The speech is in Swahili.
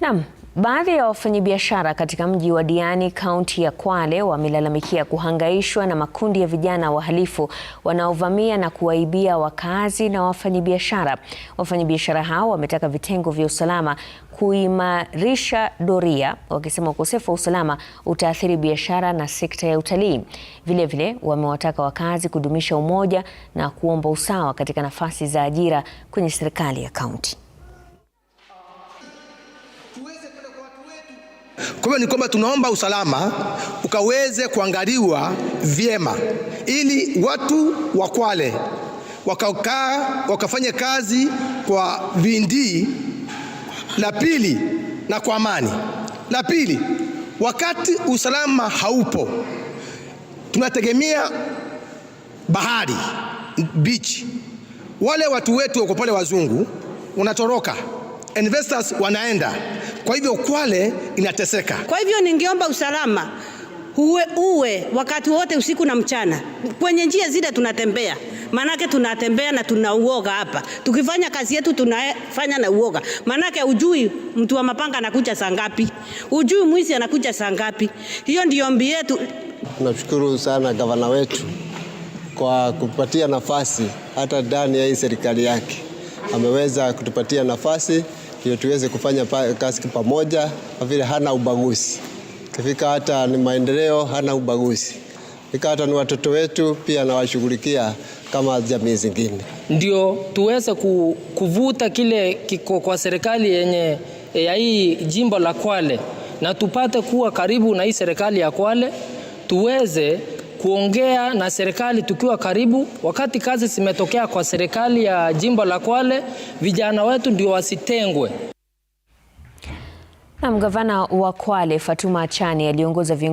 Naam, baadhi ya wafanyabiashara katika mji wa Diani, kaunti ya Kwale wamelalamikia kuhangaishwa na makundi ya vijana wahalifu wanaovamia na kuwaibia wakazi na wafanyabiashara. Wafanyabiashara hao wametaka vitengo vya usalama kuimarisha doria, wakisema ukosefu wa usalama utaathiri biashara na sekta ya utalii. Vilevile wamewataka wakazi kudumisha umoja na kuomba usawa katika nafasi za ajira kwenye serikali ya kaunti. Kwa hiyo ni kwamba tunaomba usalama ukaweze kuangaliwa vyema, ili watu wa Kwale wakakaa wakafanya kazi kwa vindii la pili na kwa amani. La pili, wakati usalama haupo, tunategemea bahari beach, wale watu wetu wako pale wazungu wanatoroka, investors wanaenda kwa hivyo Kwale inateseka. Kwa hivyo ningeomba usalama uwe, uwe wakati wote usiku na mchana kwenye njia zile tunatembea, maanake tunatembea na tunauoga hapa. Tukifanya kazi yetu tunafanya na uoga, maanake ujui mtu wa mapanga anakuja saa ngapi, ujui mwizi anakuja saa ngapi. Hiyo ndio ombi yetu. Tunashukuru sana gavana wetu kwa kupatia nafasi hata ndani ya hii serikali yake ameweza kutupatia nafasi ndio tuweze kufanya kazi pamoja, kwa vile hana ubaguzi kifika, hata ni maendeleo, hana ubaguzi fika, hata ni watoto wetu pia anawashughulikia kama jamii zingine, ndio tuweze kuvuta kile kiko kwa serikali yenye ya hii jimbo la Kwale na tupate kuwa karibu na hii serikali ya Kwale tuweze kuongea na serikali tukiwa karibu. Wakati kazi zimetokea kwa serikali ya jimbo la Kwale, vijana wetu ndio wasitengwe. Na mgavana wa Kwale Fatuma Achani aliongoza